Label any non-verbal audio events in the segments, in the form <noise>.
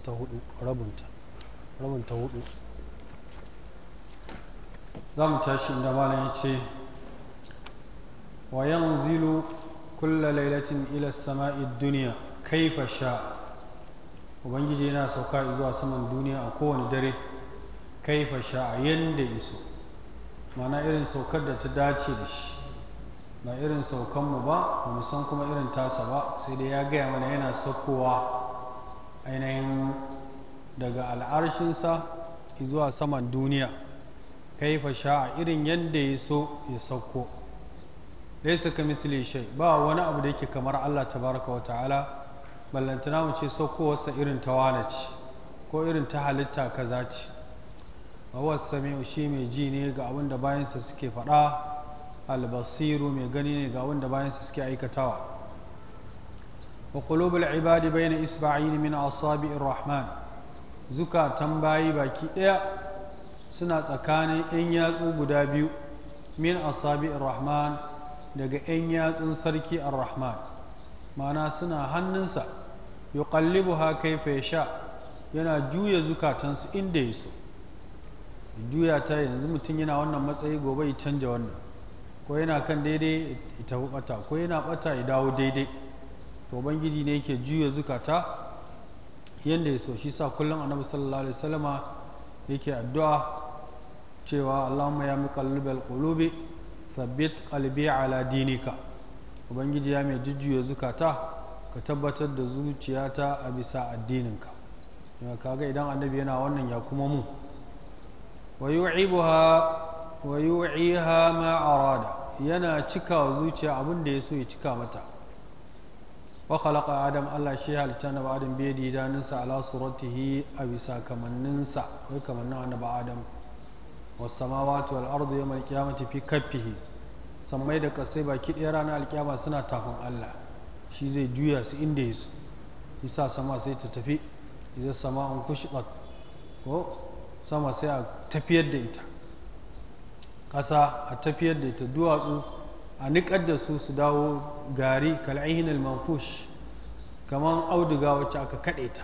ta hudu rabinta rabinta hudu za mu tashi inda malam ya ce wa zilu kulla lailatin ila sama'i duniya kaifa sha ubangiji yana sauka zuwa saman duniya a kowane dare kaifa sha yadda iso mana irin saukar da ta dace da shi ba irin saukanmu ba ba mu san kuma irin tasa ba sai dai ya gaya mana yana saukowa ainihin daga al'arshinsa zuwa saman duniya kaifa a irin yadda ya so ya sauko laisa ka misli shai ba wani abu da yake kamar Allah tabaraka wa ta'ala ballantana mu ce saukowarsa irin ta wane ce ko irin ta halitta kaza ce wa shi mai ji ne ga abin da bayansa suke faɗa albasiru mai gani ne ga abin da bayansa suke aikatawa وقلوب العباد بين إسبعين من أصابع الرحمن زكاة تنباي باكي إيا سنة أكاني إن ياسو بدابيو من أصابع الرحمن دقى إن ياسو سركي الرحمن معنى سنة هننسى يقلبها كيف يشاء yana juya zukatansu inda ya so juya ta yanzu mutum yana wannan matsayi gobe ya canja wannan ko yana kan daidai ita tafi bata ko yana bata ya dawo daidai to ubangiji ne yake juya zukata yadda ya so shi sa kullum annabi sallallahu alaihi wasallama yake addu'a cewa Allahumma ya muqallibal qulubi thabbit qalbi ala dinika ubangiji ya mai jujjuya zukata ka tabbatar da zuciyata a bisa addininka kaga idan annabi yana wannan ya kuma mu wa yu'ibuha wa yu'iha arada yana cika zuciya abin da ya so ya cika mata wa khalaqa adam Allah shi halitta na adam bai da idanunsa ala suratihi a bisa kamanninsa wai kamannin annabi adam was samawati al'adu ardu yawmal qiyamati fi kaffihi sammai da kasai baki ɗaya ranar alkiyama suna tafin Allah shi zai juya su inda ya su sama sai ta tafi sama sama sai a da ita ƙasa a tafiyar ita duwatsu a nikar da su su dawo gari kal'ihin al mafush kamar auduga wacce aka kaɗe ta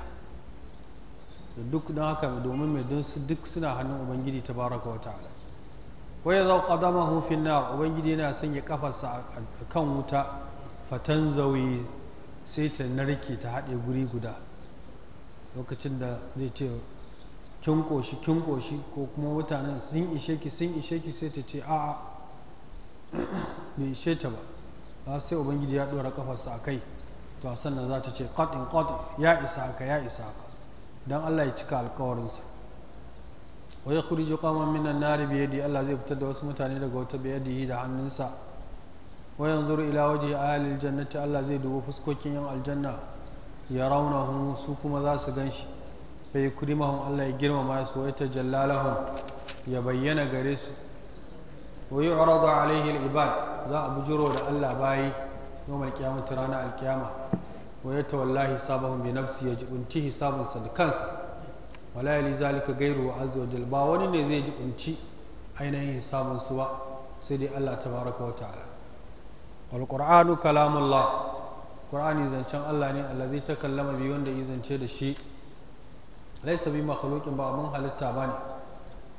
da duk don haka domin mai don su duk suna hannun ubangiji ta baraka wa ta'ala ya zau qadama hu na ubangiji yana sanya kafarsa a kan wuta fatan zawi sai ta narke ta haɗe guri guda lokacin da zai ce kin koshi kin koshi ko kuma mutanen sun ishe ki sun ishe ki sai ta ce a'a mai ishe ta ba ba sai ubangiji ya dora kafarsa a kai to a sannan za ta ce qatin qatin ya isa haka ya isa haka don Allah ya cika alkawarinsa kuri ji kwamon minan nari bi yadi Allah zai fitar da wasu mutane daga wata bi yi da hannunsa wa yanzuru ila a ahli aljannati Allah zai dubo fuskokin yan aljanna ya rauna su kuma za su ganshi kuri mahun Allah ya girmama su wa yatajalla lahum ya bayyana gare su wa yu'radu alaihi al-ibad za a bujiro da Allah bayi yawmal qiyamati ranar alkiyama wa yatawallahi sabahum bi nafsi yajibunti hisabun hisabinsa da kansa wala yali zalika ghayru azza wa jalla ba wani ne zai jibunci ainihin hisabun su ba sai dai Allah tabaraka wa ta'ala wal kalamullah qur'ani zancen Allah ne allazi takallama bi wanda yi zance da shi laysa bi makhluqin ba abun halitta bane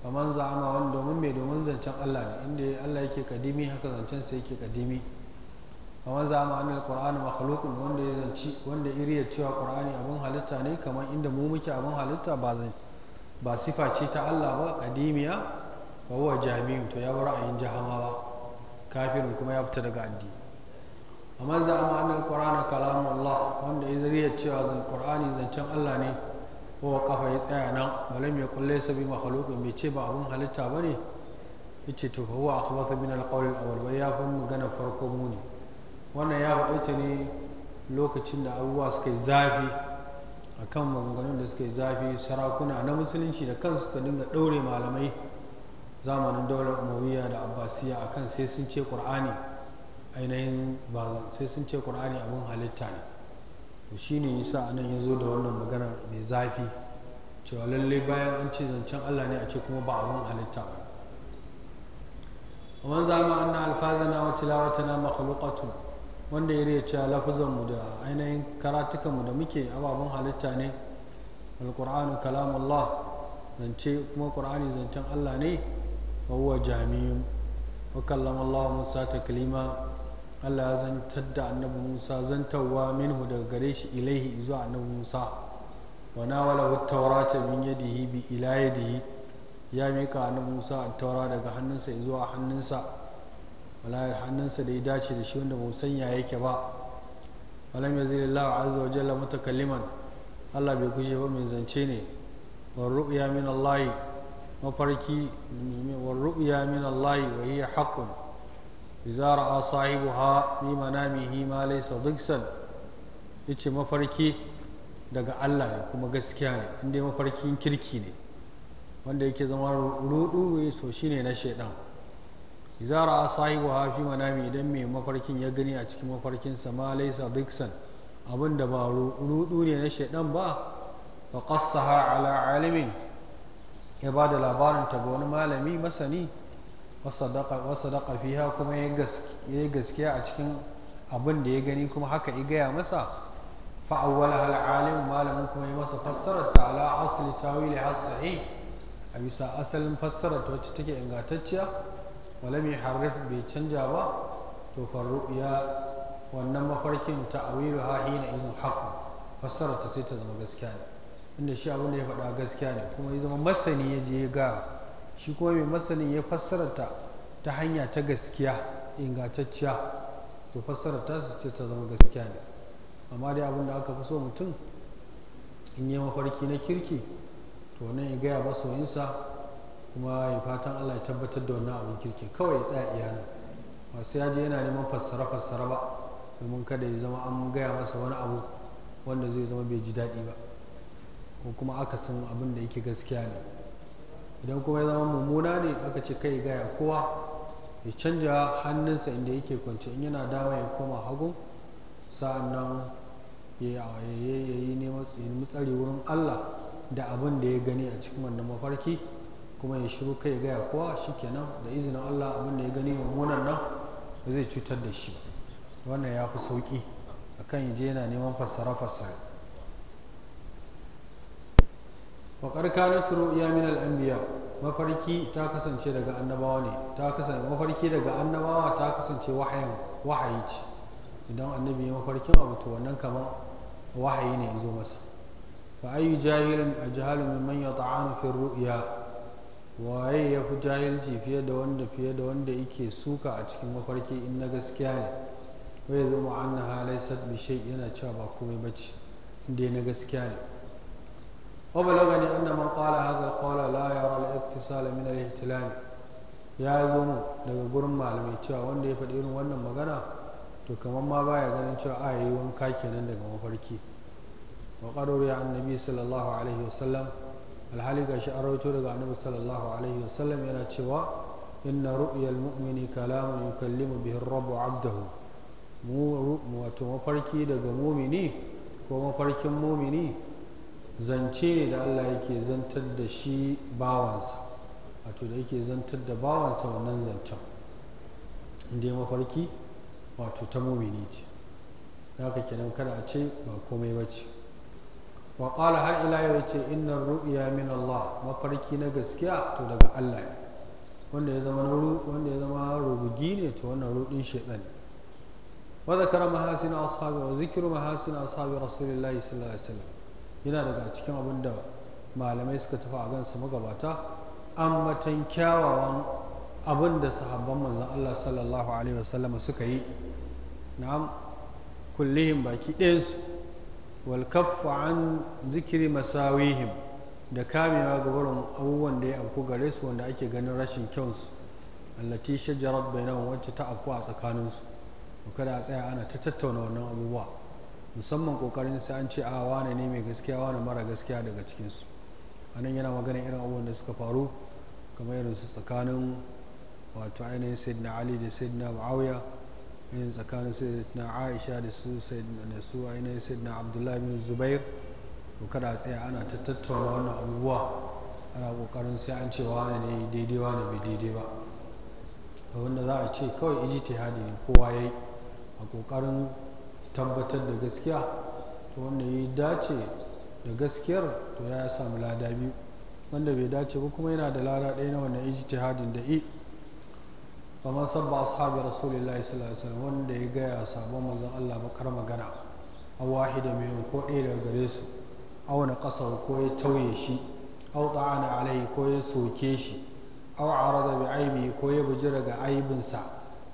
faman za'ama wani domin mai domin zancen Allah ne inda Allah yake kadimi haka zancen sa yake kadimi faman za'ama annal qur'anu makhluqun wanda ya zanci wanda iriyar cewa qur'ani abun halitta ne kamar inda mu muke abun halitta ba zan ba sifa ce ta Allah ba kadimiya wa huwa jami'u to ya bar ra'ayin jahamawa kafirin kuma ya fita daga addini faman za'ama annal qur'ana kalamu Allah wanda ya iriyar cewa qur'ani zancen Allah ne kowa kafa ya tsaya nan malam ya kulle sa bi makhluqin ce ba abin halitta bane yace to fa huwa akhbaka min al-qawl al-awwal ya fa magana farko muni wannan ya faɗi ta ne lokacin da abubuwa suka yi zafi kan maganganun da suka yi zafi sarakuna na musulunci da kansu suka dinga ɗaure malamai zamanin daular umariya da abbasiya kan sai sun ce ainihin ba sai sun ce qur'ani abin halitta ne to shine yasa anan ya zo da wannan magana mai zafi cewa lallai bayan an ce zancen Allah ne a ce kuma ba abin halitta ba alfaza na أن lawata na مخلوقة wanda ya rece lafazan mu da ainihin karatukanmu da muke ababen halitta ne alqur'anu kalamullah zance kuma qur'ani zancen Allah ne wa huwa jamiyun wa Allah Musa kalima. Allah ya zantar da annabi Musa zantarwa minhu daga gare shi ilaihi zuwa annabi Musa wa nawala tawrata min yadihi bi ila yadihi ya mika annabi Musa taura daga hannunsa zuwa hannunsa wala hannunsa da ya dace da shi wanda ba sanya yake ba walam yazilillahu azza wa jalla mutakalliman Allah bai kushe ba mai zance ne wa ru'ya min Allah mafarki wa ru'ya min Allah wa hiya haqqun idza ra'a sahibuha fi manamihi ma laysa dhiksan yace mafarki daga Allah ne kuma gaskiya ne inda mafarkin kirki ne wanda yake zama rudu so shine na shaidan idza ra'a sahibuha fi manami idan mai mafarkin ya gani a cikin mafarkinsa ma laysa dhiksan abinda ba rudu ne na shaidan ba fa qassaha ala alimin ya ba da labarin ta ga wani malami masani wasadaka fiha kuma ya yi gaskiya a cikin abin da ya gani kuma haka ya gaya masa fa'awwala al'alim malamin kuma ya masa fassarar ta ala asali tawili hasa'i a bisa asalin fassarar ta wacce take ingantacciya wala mai harrif bai canja ba to farruya wannan mafarkin ta'awilu ha hina izin haqqu fassarar ta sai ta zama gaskiya ne inda shi abin da ya faɗa gaskiya ne kuma ya zama masani ya je ga shi kuma mai masanin ya fassararta ta hanya ta gaskiya ingantacciya to fassararta su ce ta zama gaskiya ne amma dai abin da aka fi so mutum in yi mafarki na kirki to nan ya gaya masoyinsa kuma ya fatan Allah ya tabbatar da wannan abin kirki kawai ya tsaya iyana masu yaji yana neman fassara fassara ba domin kada ya zama an gaya masa wani abu wanda zai zama bai ji daɗi ba ko kuma aka san abin da yake gaskiya ne idan kuma ya zama mummuna ne aka ce kai gaya kowa ya canja hannunsa inda yake kwance in yana dama ya koma hagu sa'annan ya yi neman tsari wurin Allah da abin da ya gani a cikin wannan mafarki kuma ya shiru kai gaya kowa shikenan da izinin Allah abin da ya gani mummunan nan zai cutar da shi wannan ya fi sauki akan yaje je yana neman fassara-fassara faƙar kanat ru'ya min al mafarki ta kasance daga annabawa ne ta kasance mafarki daga annabawa ta kasance wahayin wahayi ce idan annabi ya mafarkin abu to wannan kamar wahayi ne ya zo masa fa ayu jahilin ajhalu mimman yata'anu fi ru'ya waye ya fi jahilci fiye da wanda fiye da wanda yake suka a cikin mafarki in na gaskiya ne ya zama na laysat bi sha'i yana cewa ba komai bace inda na gaskiya ne وبلغني أن من قال هذا القول لا يرى الاتصال من الاهتلال ya zo mu daga gurin malamai cewa wanda ya faɗi irin wannan magana to kamar ma baya ganin cewa a yi wanka kenan daga mafarki wa qarori annabi sallallahu alaihi wasallam alhali ga an rawaito daga annabi sallallahu alaihi wasallam yana cewa inna ru'yal mu'mini kalamun yukallimu bihi ar-rabb 'abdahu mu wato mafarki daga mumini ko mafarkin mumini zance ne da Allah yake zantar da shi bawansa wato da yake zantar da bawansa wannan zancen inda ya mafarki wato ta mumini ce ka kenan kada a ce ba komai ba ce wa qala har ila ya ce inna ru'ya min Allah mafarki na gaskiya to daga Allah wanda ya zama wanda ya zama rubugi ne to wannan ruɗin shedan ne wa zakara mahasin ashabi wa zikiru mahasin ashabi rasulillahi sallallahu alaihi wasallam yana daga cikin abin da malamai suka tafi a gansu magabata an matan kyawawan abin da sahabban manzan Allah sallallahu alaihi wasallam suka yi na'am kullihim baki ɗayansu wal kaffa an zikiri masawihim da kamewa ga wurin abubuwan da ya afku gare su wanda ake ganin rashin kyansu allati shajarat bainahum wacce ta afku a tsakaninsu kada a tsaya ana ta tattauna wannan abubuwa musamman kokarin sai an ce a wane ne mai gaskiya wane mara gaskiya daga cikinsu a nan yana magana irin abubuwan da suka faru kamar irin su tsakanin wato ainihin sayyidina ali da sayyidina muawiya irin tsakanin sayyidina aisha da su da su ainihin sayyidina abdullahi bin zubair to kada a tsaya ana ta tattauna wannan abubuwa ana kokarin sai an ce wane ne daidai wane bai daidai ba wanda za a ce kawai iji ta ne kowa yayi a kokarin tabbatar da gaskiya to wanda ya dace da gaskiyar to ya samu lada biyu wanda bai dace ba kuma yana da lada ɗaya na wannan ijtihadin da i kamar sabba ashabi rasulullahi sallallahu alaihi wasallam wanda ya gaya sabon manzon Allah bakar magana a wahida mai ko ɗaya daga gare su A wani ƙasa ko ya tauye shi au ta'ana alai ko ya soke shi au arada bi aibi ko ya bujira daga aibinsa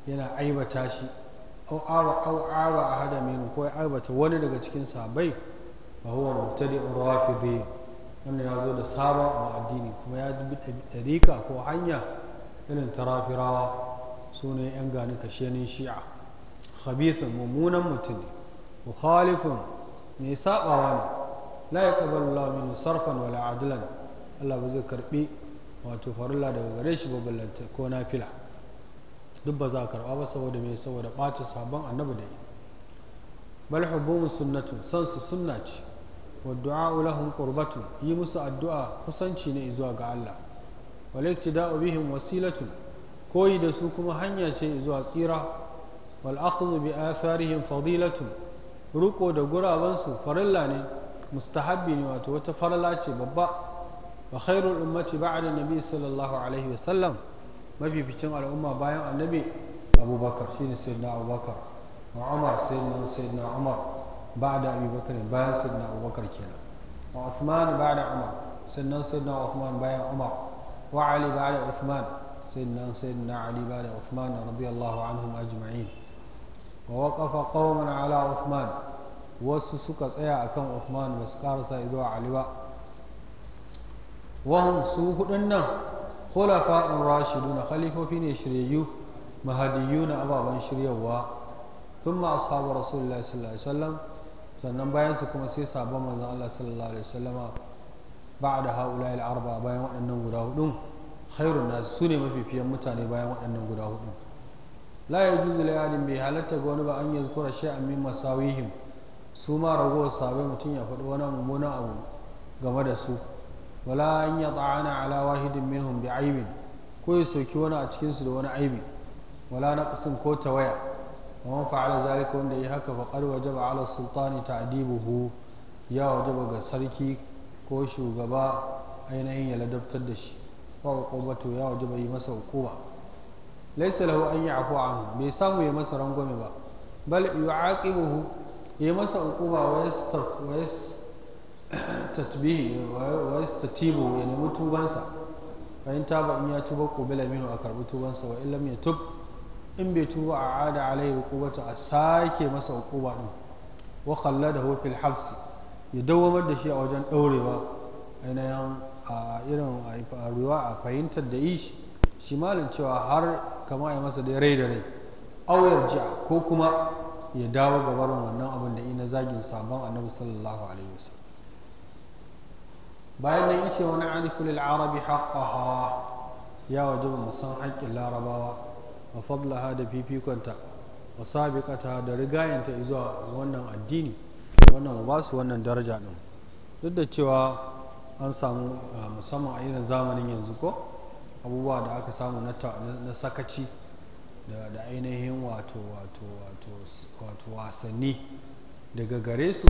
yana aibata shi au awa au awa ahada ko ya aibata wani daga cikin sahabbai fa huwa mubtadi'un rafidi wannan ya zo da sabon a addini kuma ya bi dariƙa ko hanya irin ta rafi rawa, ne yan gani kashenin shi'a khabithun mummunan mutum ne mukhalifun mai sabawa ne la yaqbalu Allahu min sarfan wala adlan Allah ba zai karbi wato farilla daga gare shi ba ballanta ko fila. duk ba za a karɓa ba saboda mai saboda ɓacin sabon annabi da yi bal hubbumu sunnatu san su sunna ce wa du'a'u lahum qurbatu yi musu addu'a kusanci ne zuwa ga Allah wal iktida'u bihim wasilatu koyi da su kuma hanya ce zuwa tsira wal akhdhu bi atharihim fadilatu ruko da guraban su farilla ne mustahabbi ne wato wata farla ce babba wa khairul ummati ba'da nabi sallallahu alaihi wa sallam mafificin al'umma bayan annabi abubakar shine na abubakar wa umar sayyidina sayyidina umar ba'da abubakar bayan na abubakar kenan wa uthman ba'da umar na sannan na uthman bayan umar wa ali ba'da na sannan na ali ba'da uthman radiyallahu anhum ajma'in wa waqafa qauman ala uthman wasu suka tsaya akan uthman ba su karasa zuwa ali ba wahum su hudun nan khulafa'ur na khalifofi ne shiryayyu na ababen shiryawa thumma ashabu rasulullahi sallallahu alaihi wasallam sannan bayan su kuma sai sabon manzon Allah sallallahu alaihi a ba'da haula'i al-arba bayan waɗannan guda hudun khairun nas sune mafifiyan mutane bayan waɗannan guda hudun la yajuzu li ahadin bi halatta ga wani ba an yazkura shay'an min masawihim su ma ragowar sabai mutum ya faɗi wani mummunan abu game da su wala an ya ta'ana ala wahidin minhum bi aibin ko ya soki wani a cikinsu da wani aibi wala na kusin ko tawaya wa man fa'ala zalika wanda yi haka fa qad wajaba ala sultani ta'dibuhu ya wajaba ga sarki ko shugaba ainihin ya ladabtar da shi fa hukumatu ya wajaba yi masa hukuma laysa lahu an ya'fu anhu bai samu ya masa rangwame ba bal yu'aqibuhu ya masa hukuma wa yastar wa tatbihi wa yastatibu ya nemi tubansa fa in taba in ya tuba qubila minhu a karbi tubansa wa illam yatub in bai tuba a ada alaihi ta a sake masa uquba din wa khalladahu fil habs ya dawamar da shi a wajen daurewa ainihin a irin a ruwa a fahimtar da ishi shi malin cewa har kama ya masa da rai da rai auyar ji ko kuma ya dawo gabarin wannan abin da ina zagin sabon annabi sallallahu alaihi wasallam bayan nan yace wani arifu lil arabi haqqaha ya wajibu mu san haƙƙin larabawa wa fadlaha da fifikonta wa sabiqata da rigayanta zuwa wannan addini wannan ba su wannan daraja din duk da cewa an samu ah, musamman a irin zamanin yanzu ko abubuwa da aka samu na sakaci da ainihin wato wato wato wasanni daga gare su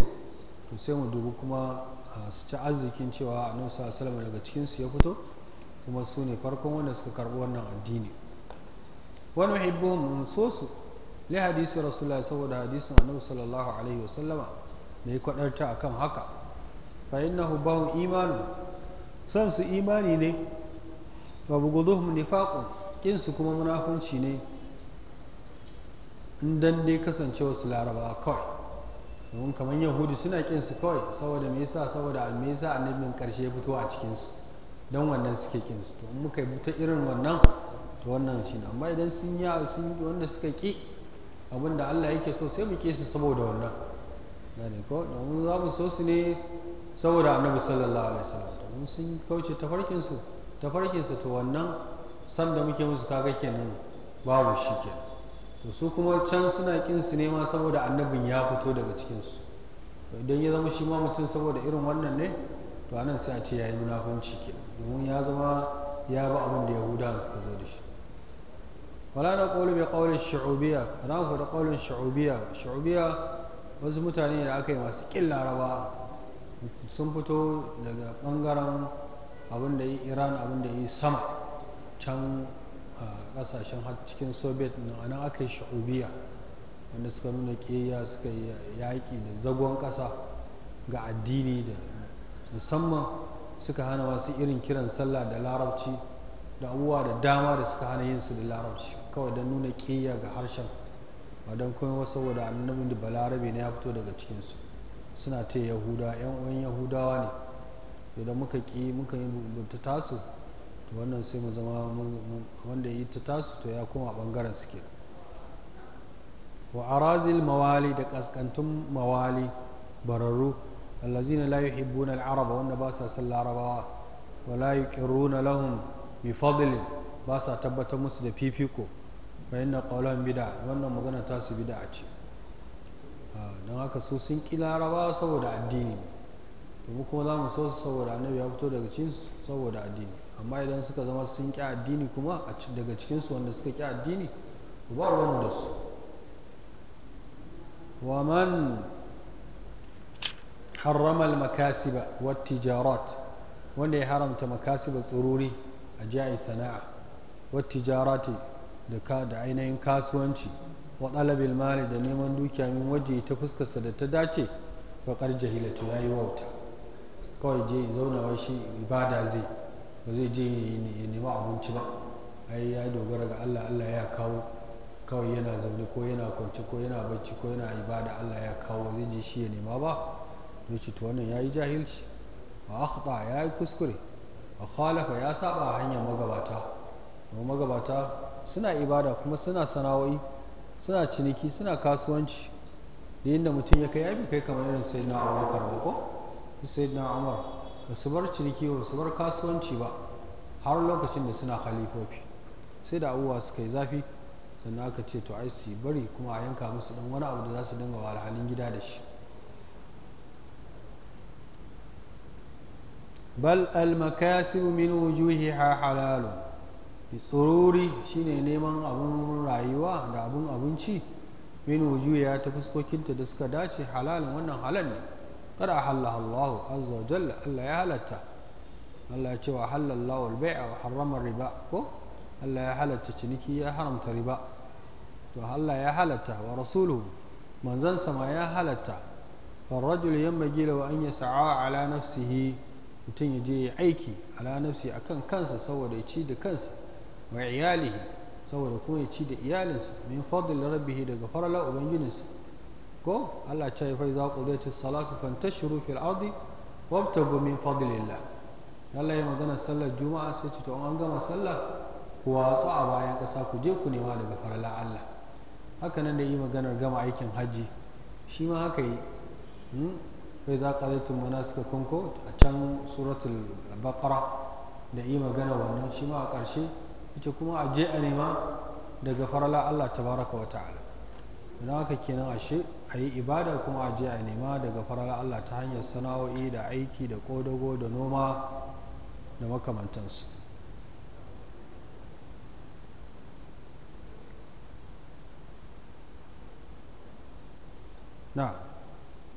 to sai mu dubi kuma su ci arzikin cewa annabi sallallahu alaihi daga cikin su ya fito kuma su ne farkon wanda suka karbi wannan addini wa nuhibbuhum mun so su li hadisi rasulullah saboda hadisin annabi sallallahu alaihi wasallama da ya kwadarta akan haka fa innahu bahu imanu san su imani ne wa buguduhum nifaqun kin su kuma munafunci ne in dan dai kasancewa su larabawa kawai domin kamar yahudu suna kin su kawai saboda me yasa saboda me yasa annabin karshe ya fito a cikin su dan wannan suke kin su to in muka bi ta irin wannan to wannan shine amma idan sun yi sun wanda suka ki abinda Allah yake so sai mu ke su saboda wannan gane ko domin za mu so su ne saboda annabi sallallahu alaihi wasallam domin sun kauce tafarkin su su to wannan san da muke musu kaga kenan babu shi kenan to su kuma can suna kin su ma saboda annabin ya fito daga cikinsu to idan ya zama shi ma mutum saboda irin wannan ne to anan sai a ce ya yi munafunci ke domin ya zama ya ba abin da su suka zo da shi wala na ƙaunar mai qawli shu'ubiyya na ku da qawlin shu'ubiyya shu'ubiyya wasu mutane da aka yi masu kin laraba sun fito daga ɓangaren abin da yi iran abin da yi sama can a kasashen cikin soviet a nan aka yi sha'ubiya wanda suka nuna ƙiyayya suka yi yaƙi da zagon ƙasa ga addini da musamman suka hana masu irin kiran sallah da larabci da abubuwa da dama da suka hana yin su da larabci kawai don nuna ƙiyayya ga harshen ba don kuma saboda annabin da balarabe na ya fito daga cikinsu suna ta yahuda yan uwan yahudawa ne idan muka ƙi muka yi tasu wannan sai mu zama wanda yi ta tasu to ya koma bangaren su ke wa arazil mawali da kaskantun mawali bararru allazina la yuhibbuna al-araba wanda ba sa son larabawa wa la yuqirruna lahum bi fadlin ba sa tabbatar musu da fifiko fa inna qawlan bid'a wannan magana ta su bid'a ce ah, don haka su sun ki larabawa saboda addini to kuma za mu so su saboda annabi ya fito daga cinsu saboda addini amma idan suka zama sun ƙi addini kuma daga cikinsu wanda suka ƙi addini ba wani da su man harramal makasiba wa tijarat wanda ya haramta makasiba tsururi a ja'i sana'a wa tijarati da ainihin kasuwanci wa dalabil mali da neman dukiya min waje ta fuskarsa da ta dace faƙar jahilatu ya wauta kawai je zauna wai shi ibada zai ba zai je ya nemi abinci ba ai ya dogara ga Allah Allah ya kawo kawai yana zaune ko yana kwanci ko yana bacci ko yana ibada Allah ya kawo zai je shi ya nema ba ya ce to wannan yayi jahilci wa akhta yayi kuskure wa khalafa ya saba hanyar magabata kuma magabata suna ibada kuma suna sana'o'i suna ciniki suna kasuwanci da inda mutum ya kai ya bi kai kamar irin sayyidina Abubakar ba ko sayyidina Umar ba su bar ciniki ba su bar kasuwanci ba har lokacin da suna halifofi sai da abubuwa suka yi zafi sannan aka ce to ai su bari kuma a yanka musu dan wani abu da za su dinga walhalin gida da shi bal al makasib min ha halal tsururi shine neman abun rayuwa da abun abinci min wujuhiha ta fuskokinta da suka dace halalin wannan halal ne kada halaha Allah azza wa jalla Allah ya halatta Allah ya ce wa halallahu al-bai'a wa harrama riba ko Allah ya halatta ciniki ya haramta riba to Allah ya halatta wa rasuluhu manzon ma ya halatta farrajul yammagi lahu an yas'a ala nafsihi mutum ya je ya aiki ala nafsi akan kansa saboda ya ci da kansa wa iyalihi saboda kuma ya ci da iyalinsa min fadl rabbihi daga farala ubangijinsa ko Allah ce fa iza qudiyatis salatu fantashiru fil ardi wabtagu min fadlillah Allah ya magana sallar juma'a sai ce to an gama sallah ku watsu a bayan kasa ku je ku nema daga farala Allah haka nan da yi maganar gama aikin hajji shi ma haka yi hm? fa iza qadaytum manasikakum ko a can suratul baqara da yi magana wannan shi ma a ƙarshe ita kuma a je a nema daga farala Allah tabaraka wa ta'ala don haka kenan ashe a yi ibada kuma a jiya nema daga farar Allah ta hanyar sana'o'i da aiki da kodogo da noma da makamantansu na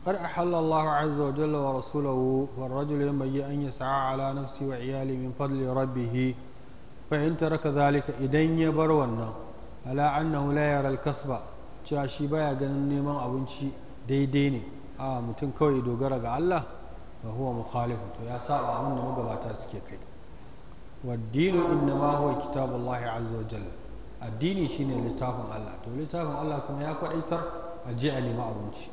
kar a halar Allah azza wa jalla wa rasulahu wa rajulu yamma an yi sa'a ala nafsi wa iyali min fadli rabbihi fahimtar ka zalika idan ya bar wannan ala'an na hula yarar kasba cewa shi baya ganin neman abinci daidai ne a mutum kawai dogara ga Allah ba huwa mukhalifu to ya saba abin da magabata suke kai waddinu inna ma huwa kitabullahi azza wa jalla addini shine littafin Allah to littafin Allah kuma ya kwadaitar a je a nemi abinci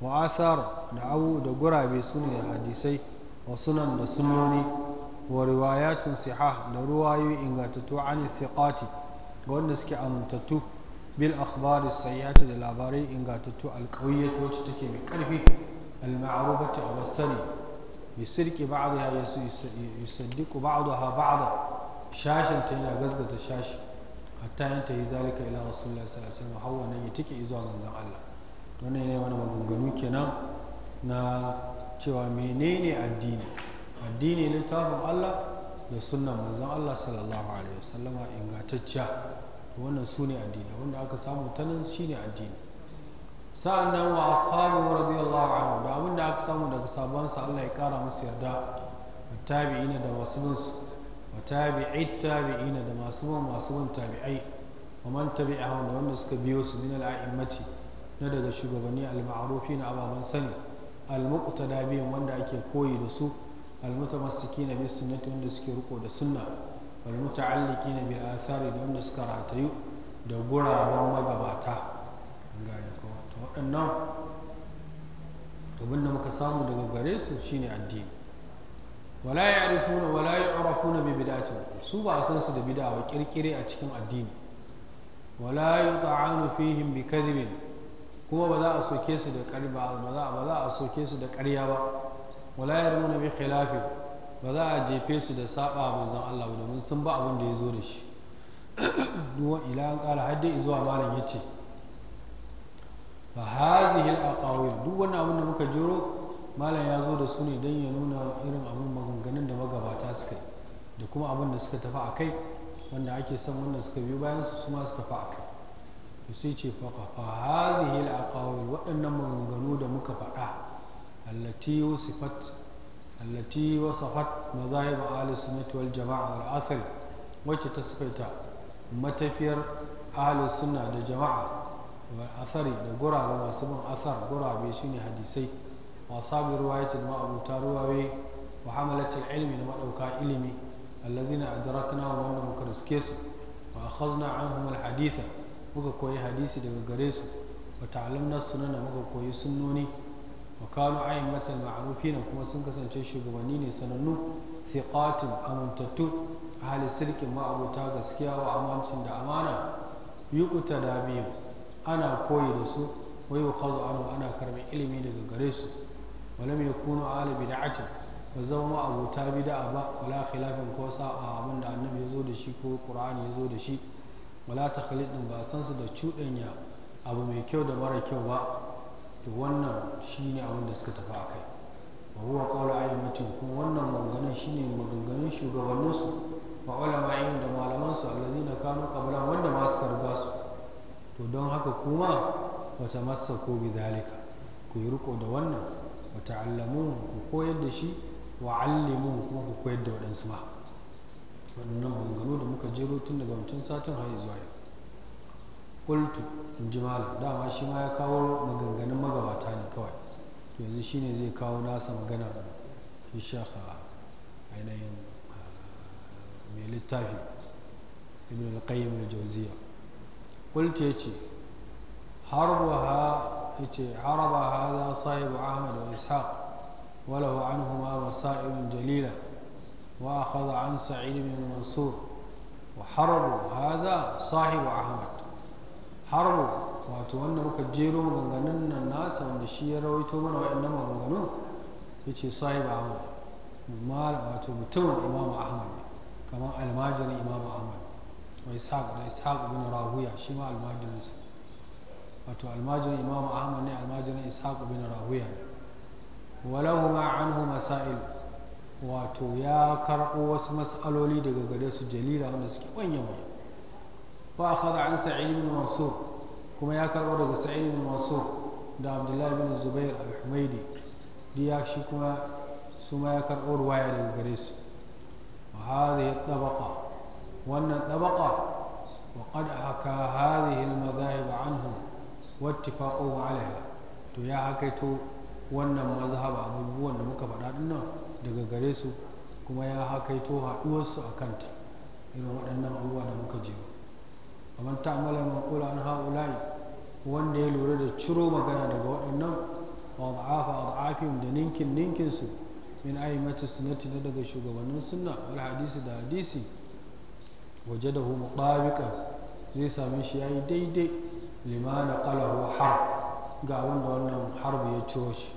wa athar da abu da gurabe sune hadisai wa sunan da sunoni wa riwayatun sihah da ruwayoyi ingantattu an thiqati wanda suke amintattu bil akhbari sayyati da labarai ingantattu alƙauyatu wacce take mai ƙarfi al-ma'rufati a wasani bi sirki ba'daha yusaddiqu ba'daha ba'da shashin ta yana gazgata shashi hatta yanta yi zalika ila rasulullahi sallallahu alaihi wasallam hawa nan ya take zuwa manzon Allah wannan ne wani maganganu kenan na cewa menene addini addini littafin Allah da sunnan manzon Allah sallallahu alaihi wasallama ingantacciya to wannan su ne addini wanda aka samu ta nan shi ne addini sa'an nan wa ashabu radiyallahu anhu da abin da aka samu daga sabansa Allah ya kara musu yarda tabi'ina da masu bin su wa tabi'ina da masu bin masu bin tabi'ai wa man tabi'ahum da wanda suka biyo su min al'a'immati na daga shugabanni al na ababen sani al-muqtada wanda ake koyi da su al-mutamassikin na sunnati wanda suke riko da sunna almuta'alliki na bil athari da wanda suka ratayu da guraren magabata an gane ko to waɗannan To da muka samu daga gare su shine addini wala ya'rifuna wala yu'rafuna bi bid'atin su ba san su da bid'a ba kirkire a cikin addini wala yuta'anu fihim bi kadhibin kuma ba za a soke su da ƙarya ba wala yarmuna bi khilafin ba za a jefe su da saba manzon Allah domin sun ba abin da ya zo da shi duwa ila an kala haddai zuwa malam ya ce fa hazihi al duk wani abin da muka jiro malam ya zo da su ne don ya nuna irin abin maganganun da magabata suka yi da kuma abin da suka tafi a kai wanda ake son wanda suka biyo bayan su su ma suka tafi a kai to sai ce fa fa hazihi al waɗannan maganganu da muka faɗa allati yusifat التي وصفت مذاهب أهل السنة والجماعة والأثر وجه تصفيتها متفير أهل السنة والجماعة والأثر لقرى وواسم أثر قرى بيشين حديثي وصاب رواية ما أبو تاروي وحملة العلم لما أوكا إلمي الذين أدركنا وهم مكرسكيس وأخذنا عنهم الحديث وكوي حديثي دبقريس وتعلمنا السنة وكوي سنوني wa kanu a'immatal na kuma sun kasance shugabanni ne sanannu thiqatun amintattu ahli sirkin ma'abuta gaskiya wa amancin da amana yuqta da biyu ana koyi da su wai wa khadu anu ana karɓar ilimi daga gare su walam yakunu ahli bid'atin ba zama abuta bid'a ba wala khilafin ko saba abin da annabi ya zo da shi ko ƙura'ani ya zo da shi wala takhlidin ba san su da cuɗanya abu mai kyau da mara kyau ba to wannan shi ne abin da suka tafi a akai wa huwa qawlu ayyamatin kuma wannan maganganun shine maganganun ba wala wa yin da malamansu su na kano qabla wanda ma suka riga su to don haka kuma masa ko bi zalika ku yi riko da wannan wa ta'allamu ku koyar da shi wa allimu kuma ku koyar da waɗansu ma waɗannan maganganu da muka jero tun daga mutum satin har zuwa yau qultu in ji malam dama shi ma ya kawo maganganun magabata ne kawai to yanzu shine zai kawo nasa magana shi shaka ainihin mai littafi ibn al-qayyim al-jawziya qultu yace harbaha yace haraba hadha sahibu ahmad wa ishaq وله عنهما وسائل جليلة وأخذ عن سعيد بن منصور وحرب هذا صاحب أحمد harbu wato wanda muka jero maganganun nan nasa wanda shi ya rawaito mana waɗannan maganganun ya ce sahib ahmad wato mutumin imamu ahmad kamar almajirin imamu ahmad wa ishaq da ishaq bin rahuya shi ma almajirin sa wato almajirin imamu ahmad ne almajirin ishaq bin rahuya ne walahu ma anhu masail wato ya karɓo wasu mas'aloli daga gare su jalila wanda suke manya manya فأخذ عن سعيد بن منصور كما يأكل ورد سعيد بن منصور دا عبد الله بن الزبير الحميدي أكشي كما سما يأكل أرواية للبريس وهذه الطبقة وأن الطبقة وقد حكى هذه المذاهب عنهم واتفاقهم عليها تويا ya وأن wannan أبو بوان da muka faɗa dinnan daga gare su kuma ya إنه haɗuwarsu أبو بوان irin waɗannan kamar ta'amala maqula an haula'i wanda ya lura da ciro magana daga waɗannan wa da'afa ad'afihim da ninkin ninkin su min aimati sunnati na daga shugabannin sunna da hadisi da hadisi wajadahu zai same shi yayi daidai limana qalahu har ga wanda wannan harbi ya ciro shi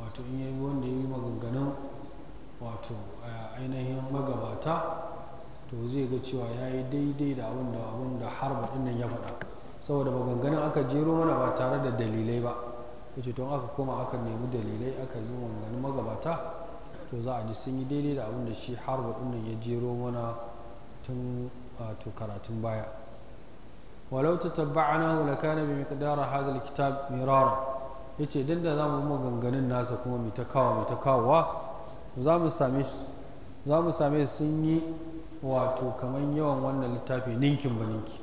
wato in yi wanda yayi maganganun wato eh, ainihin magabata to zai ga cewa ya yi daidai da abin da abin da harba nan ya faɗa saboda maganganun aka jero mana ba tare da dalilai ba ya ce aka koma aka nemi dalilai aka yi maganganun magabata to za a ji sun yi daidai da abin da shi harba nan ya jero mana tun wato karatun baya walau ta tabba'ana wala kana bi miqdara hazal kitab mirara ce don da za mu maganganun nasa kuma mai ta kawo mai ta kawowa za mu same su sun yi wato kamar yawan wannan littafi ninkin ba ninki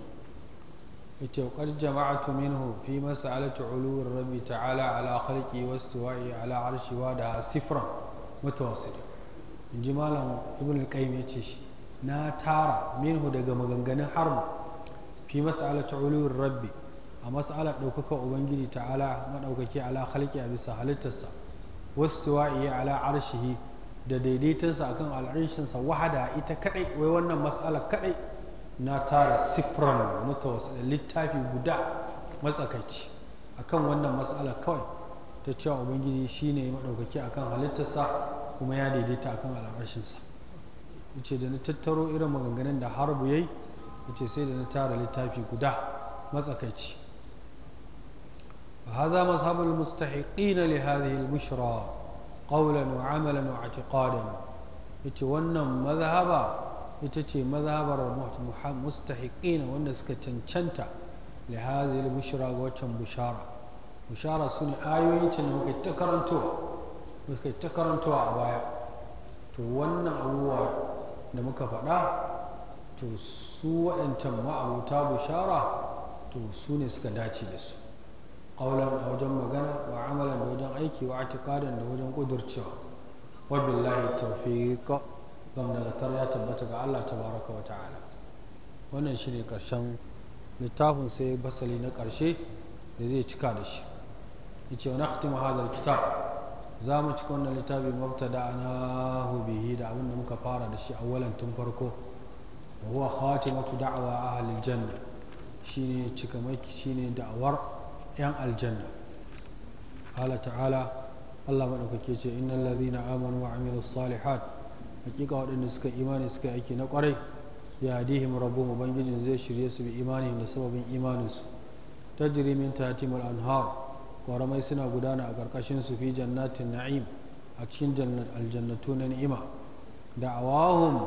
ita kwar jama'atu minhu fi masalatu uluwir rabbi ta'ala ala khalqi wastiwa'i ala arshi wa da sifra mutawassil in ji malam ibn al-qayyim yace shi na tara minhu daga maganganun harmu fi masalatu uluwir rabbi a mas'alar daukaka ubangiji ta'ala maɗaukaki ala khalqi a bisa halittarsa wastiwa'i ala arshihi da a akan al'arishinsa wahada ita kaɗai wai wannan matsala kadai na tara sifran da littafi guda matsakaici kan wannan matsala kawai ta cewa ubangiji shine madaukaki akan halittarsa kuma ya daidaita akan al'arshinsa ce da na tattaro irin maganganun da harbu yayi yace sai da na tara littafi guda matsakaici فهذا مذهب المستحقين لهذه البشرى qawlan wa amalan wa i'tiqadan yace wannan mazhaba ita ce mazhabar mustahiqin wanda suka cancanta li hadhihi al-bushra ga waccan bushara bushara sune ayoyin cin muka ta karantowa muka ta karantowa a baya to wannan abubuwa da muka faɗa to su waɗancan ma'abuta bushara to su ne suka dace da su qawlan a wajen magana wa amalan da wajen aiki wa i'tiqadan da wajen kudurcewa wa billahi tawfiq gamdagatar ya tabbata ga Allah Ta wa ta'ala wannan shine karshen littafin sai basali na ƙarshe da zai cika da shi yace wani nakhtimu mahalar alkitab za mu cika wannan littafi mubtada na bihi da abin da muka fara da shi awwalan tun farko da huwa a halin ahli shi ne cika maki shine da'awar 'yan aljanna Allah ta'ala Allah maɗaukake ce innal ladhina amanu wa amilus salihat hakika waɗanda suka imani suka aiki na ƙwarai ya dihim rabbuhum ubangijin zai shirye su bi imani da sababin imaninsu tajri min tahtihim al-anhar ƙoramai suna gudana a ƙarƙashin su fi jannatin na'im a cikin aljannatu na ni'ima da'awahum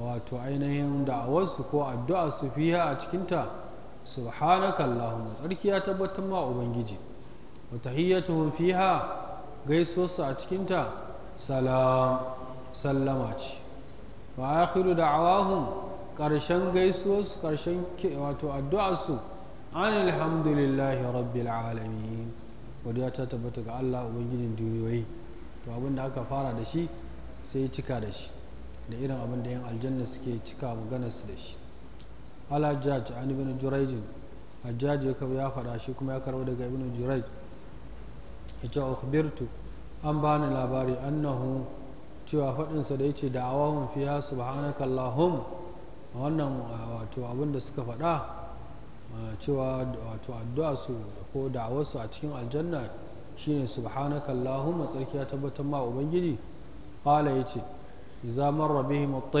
wato ainihin da'awarsu ko addu'a su fiya a cikinta subhanaka allahumma tsarki ya tabbatar ma ubangiji wa tahiyyatuhum fiha su a cikinta salam sallama ce wa akhiru da'awahum karshen gaisosu karshen wato su an alhamdulillahi rabbil alamin godiya ta tabbata ga Allah ubangijin duniyoyi to abin da aka fara da shi sai cika da shi da irin abin da yan aljanna suke cika maganar su da shi ala jaj an ibn jurayj hajjaj ya ya faɗa shi kuma ya karɓo daga ibn jurayj yace ukhbirtu an bani labari annahu cewa sa da yace da'awahum fiha subhanaka allahum wannan wato abin da suka faɗa cewa wato addu'a su ko da'awarsu a cikin aljanna shine subhanaka allahumma tsarki ya tabbatar ma ubangiji qala yace idza marra bihim at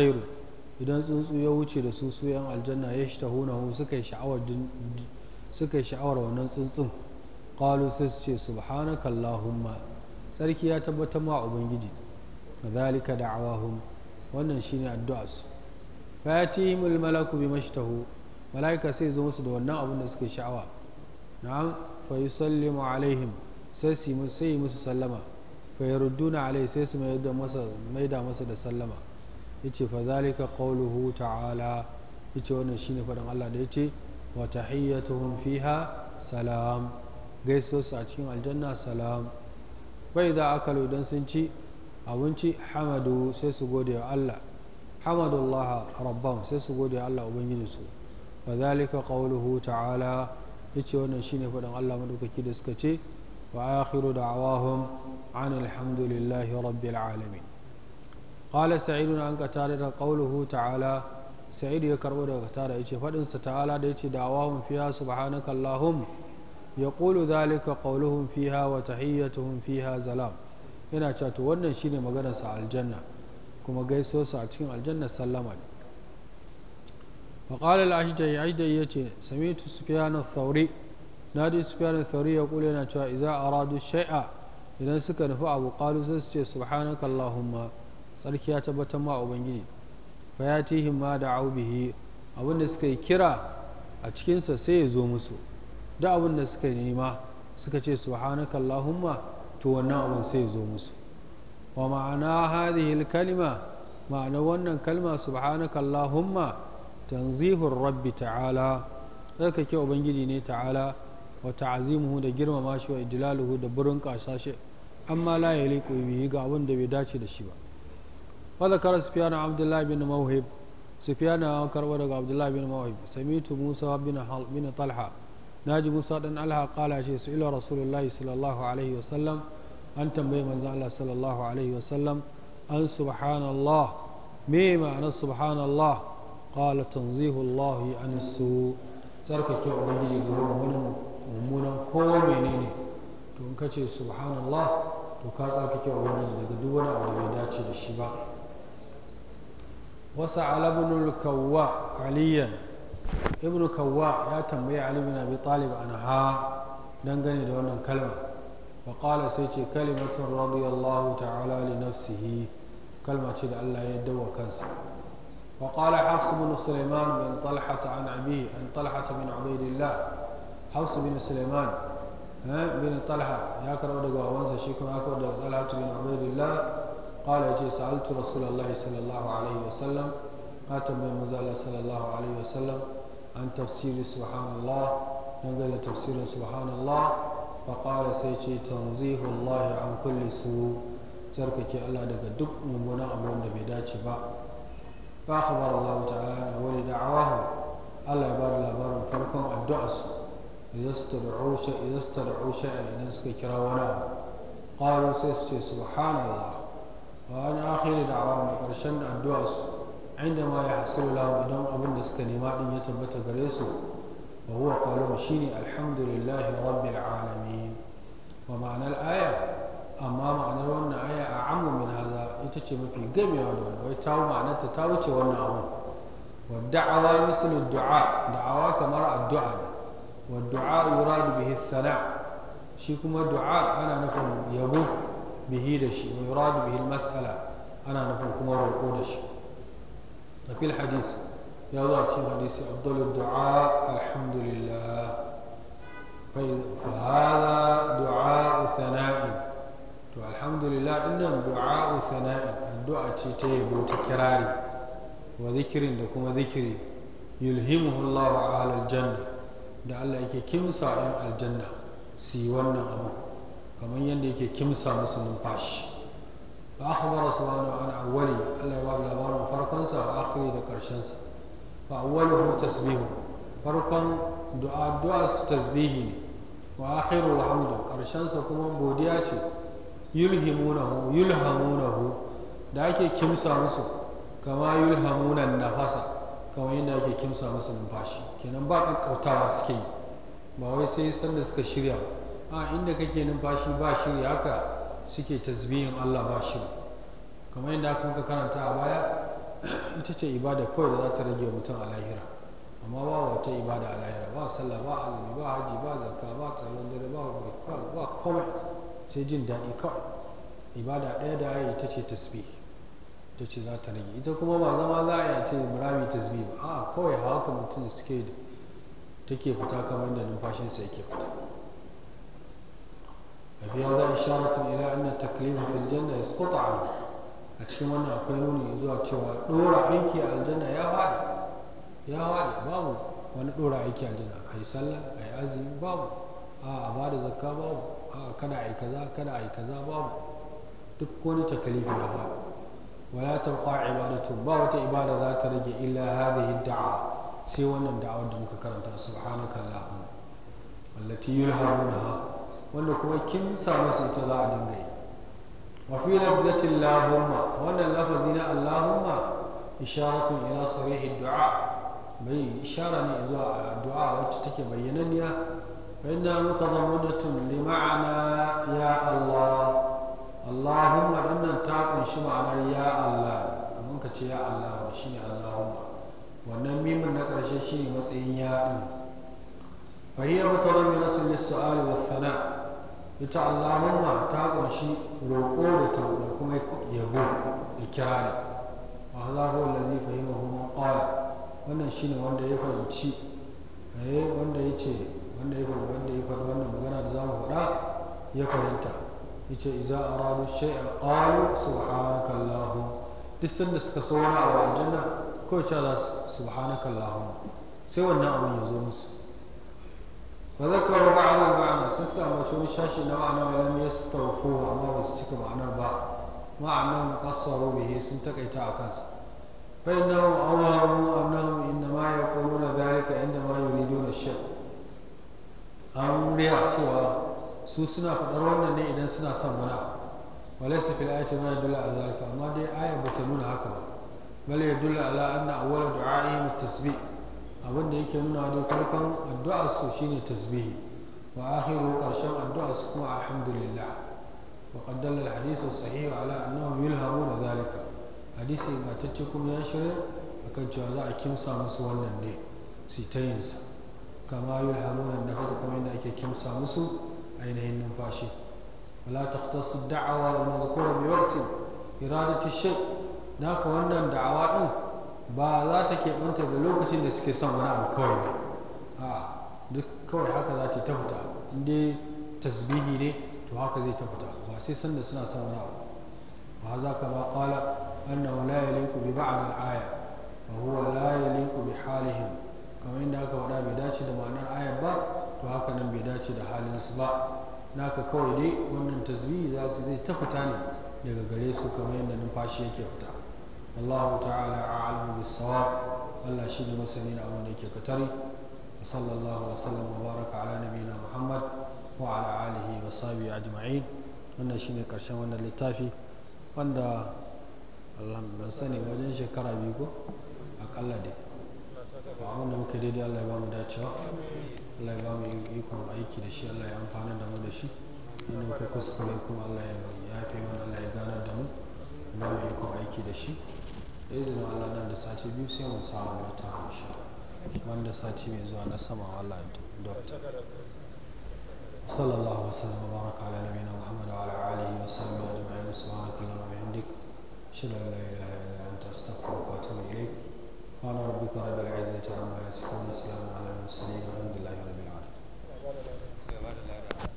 idan tsuntsu ya wuce da su su yan aljanna ya shi tahunahu suka yi sha'awar wannan tsuntsun ƙalu sai su ce subhanaka allahumma sarki ya tabbatar ma ubangiji da da'awahum wannan shi shine addu'a su fatihimul malaku bi mashtahu malaika sai zo musu da wannan abin da suka sha'awa na'am fa yusallimu alaihim sai su yi musu sallama fa yarudduna alaihi sai su mai da masa da sallama yace fa zalika qawluhu ta'ala yace wannan shine faɗin Allah da yace wa tahiyyatuhum fiha salam gaiso a cikin aljanna salam bai da akalu idan sun ci abinci hamadu sai su gode wa Allah hamdulillah rabbam sai su gode wa Allah ubangiji su fazalika zalika qawluhu ta'ala yace wannan shine faɗin Allah madaukaki da suka ce wa akhiru da'awahum anil hamdulillahi rabbil alamin قال سعيد أن قتال قوله تعالى سعيد يكرر ده قتال فقد تعالى دعواهم فيها سبحانك اللهم يقول ذلك قولهم فيها وتحيتهم فيها زلام هنا شاتو ونن شيني مغنس على الجنة كما قيسو ساعتين الجنة سلاما فقال الأشجعي أشجعي سميت سفيان الثوري نادي سفيان الثوري يقول لنا إذا أرادوا الشيء إذا سكن فأبو قالوا سبحانك اللهم sarki ya tabbatar ma ubangiji fa ya tihim ma da aubihi abinda suka yi kira a cikinsa sai ya zo musu da abinda suka nema suka ce subhanaka allahumma to wannan abin sai ya zo musu wa ma'ana hadhihi kalima ma'ana wannan kalma subhanaka allahumma tanzihur rabbi ta'ala tsarkake ubangiji ne ta'ala wa azimuhu da girmama shi wa idlaluhu da burin kasashe amma la yaliqu bihi ga abin da bai dace da shi ba وذكر سفيان عبد الله بن موهب سفيان كربلاء عبد الله بن موهب سميت موسى بن حل بن طلحة ناجي موسى بن ألها قال شيء سئل رسول الله صلى الله عليه وسلم أن تنبي من الله صلى الله عليه وسلم أن سبحان الله ميما أن سبحان الله قال تنزيه الله عن السوء تركك أبنجي قلوب ممونا كومينيني تنكتي سبحان الله to ka tsarkake ubangiji daga duk wani abu da bai dace da shi ba وسأل ابن الكواء عليا ابن الكواء يا تنبي علي بن أبي طالب عنها دنغني دون كلمة وقال سيتي كلمة رضي الله تعالى لنفسه كلمة شد الله يدوى كنسا وقال حفص بن سليمان بن طلحة عن أبيه عن طلحة بن عبيد الله حفص بن سليمان بن طلحة يا كرودة وانسى شيكم يا كرودة طلحة بن عبيد الله qala yace sa'altu rasulullahi sallallahu alaihi wasallam ka tambayi manzo Allah sallallahu alaihi wasallam an tafsiri subhanallah dangane tafsirin subhanallah fa qala sai ce tanzihullahi an kulli su tsarkake Allah daga duk mummunan abu da bai dace ba fa khabar Allah ta'ala wani da'awahu Allah ya bada labarin farkon addu'arsu إذا استدعوا شيئا إذا سكي كراونا قالوا sai سبحان الله وأنا آخر دعواهم قرشن الدوس عندما يحصل لهم أدم أبن السكنماء يتبت بريسه وهو قال مشيني الحمد لله رب العالمين ومعنى الآية أما معنى أن آية أعم من هذا يتشي مكي جميع ويتاو معنى تتاوتي وأن والدعوة مثل الدعاء دعوة كما الدعاء والدعاء يراد به الثناء شيكما الدعاء أنا نفهم يبوه به دشي ويراد به المسألة أنا نفهم كمور القودش ففي الحديث يا الله في الحديث أفضل الدعاء الحمد لله فهذا دعاء ثناء الحمد لله إنما دعاء ثناء الدعاء تيب وتكراري وذكر لكم ذكر يلهمه الله على الجنة لعل إيك كم صائم الجنة سيوانا ونغمه kamar yadda yake kimsa musu numfashi fa akhbara subhanahu an awwali Allah ya ba labarin farkon sa akhiri da karshen sa fa awwaluhu tasbihu farkon du'a su tasbihi ne wa akhiru alhamdu karshen sa kuma godiya ce yulhimunahu yulhamunahu da ake kimsa musu kama yulhamunan nafasa kamar yadda ake kimsa musu numfashi kenan ba kakkautawa suke yi ba wai sai sanda suka shirya a inda kake numfashi ba shiri haka suke tasbihin Allah ba shiri kamar yadda aka muka karanta a baya <clears throat> ita ce ibada kawai da za ta rage mutum a lahira amma ba wata ibada a lahira ba sallah ba azumi ba haji ba zakka ba tsaron dare ba hukumar ba komai sai jin daɗi kawai ibada ɗaya da ya ita ce tasbi ita ce za ta rage ita kuma ba zama za a yi ce murami tasbi ba a kawai haka mutum suke take fita kamar da numfashinsa yake fita في هذا إشارة إلى أن التكليف في الجنة يسقط عنه أتشي وانا إذا يزوى تشوى دور عيكي على الجنة يا غالي يا غالي بابو وانا دور عيكي على الجنة أي سلة أي عزي بابو آه أبار زكاة بابو آه كذا أي كذا كذا أي كذا بابو تكون تكليف الأبار ولا تبقى عبادة بابو عبادة لا ترجع إلا هذه الدعاء سوى أن الدعوة دمك كرمتها سبحانك اللهم التي يلهمونها wanda kuma kin samu su ita za a dinga yi wa fi lafzatin lahumma wannan lafazi na allahumma isharatun ila sarihi du'a mai ishara ne zuwa addu'a wacce take bayyananniya فإنها متضمنة لمعنى يا الله اللهم أن تعقل شو معنى يا الله كمان كتش يا الله وشيني اللهم ونمي من نقرش شيني مسئين يا فهي متضمنة للسؤال والثناء ita allahumma ta kunshi roƙo da tauba kuma yabo da kyara wa hadha allazi fahimahu man qala wannan shine wanda ya fahimci eh wanda yace wanda ya fahimci wanda ya fahimci wannan magana da zamu faɗa ya fahimta yace idza aradu shay'an qalu subhanaka allahumma duk sanda suka so wani abu a janna kawai cewa subhanaka allahumma sai wannan abun ya zo musu ba zai kawo ba'arar ma'ana sun samu wata wani shashi na ma'ana wa lam yastawfu amma ba su cika ma'anar ba ma'anar qassaru bihi sun takaita a kansa fa innahu awhamu annahum innama yaquluna dhalika indama yuriduna shirk an riya cewa su suna faɗar wannan ne idan suna son wani abu وليس في الآية ما يدل على ذلك ما دي آية بتنون هكذا بل يدل على أن أول دعائهم التسبيح abin da yake nuna ne farkon addu'ar su shine tasbihi wa akhiru qarshan addu'ar su kuma alhamdulillah wa qad dalla al sahih ala annahum yulhamuna dhalika hadisi ingantacce kuma ya shirya akan cewa za a kimsa musu wannan ne su ta yin sa kama yulhamuna nafsa yadda ake kimsa musu ainihin numfashi wala taqtasu da'awa al-mazkura bi waqti iradati ash-shay naka wannan da'awa din ba za ta keɓanta da lokacin da suke son wani abu kawai ba a duk kawai haka za ta ta fita in tasbihi ne to haka zai ta ba sai sanda suna son wani abu ba za ka ba ƙala annahu la yaliqu bi ba'd al-aya wa huwa la yaliqu bi halihim kamar inda aka wada bai dace da ma'anar ayar ba to haka nan bai dace da su ba naka kawai dai wannan tasbihi za su zai ta fita ne daga gare su kamar yadda numfashi yake fita wallahu ta'ala a'lamu bis-sawab Allah shi ne masani da abin da yake katari sallallahu wa sallam wa baraka ala nabiyina Muhammad wa ala alihi wa sahbihi ajma'in wannan shine karshen wannan littafi wanda alhamdulillah sani wajen shekara biyu ko akalla dai ba wanda muka daidai Allah ya dacewa Allah ya bamu ikon aiki da shi Allah ya amfana da mu da shi inda muka kuskure kuma Allah ya yafe mana Allah ya gana da mu ba mu aiki da shi izinin Allah nan da sati biyu sai mu sa wani ta wanda sati mai zuwa na sama Allah da صلى الله وسلم وبارك على نبينا محمد وعلى اله وصحبه اجمعين سبحانك اللهم وبحمدك اشهد ان لا اله الا انت استغفرك واتوب اليك قال ربك رب العزه عما يصفون وسلام على المرسلين والحمد لله رب العالمين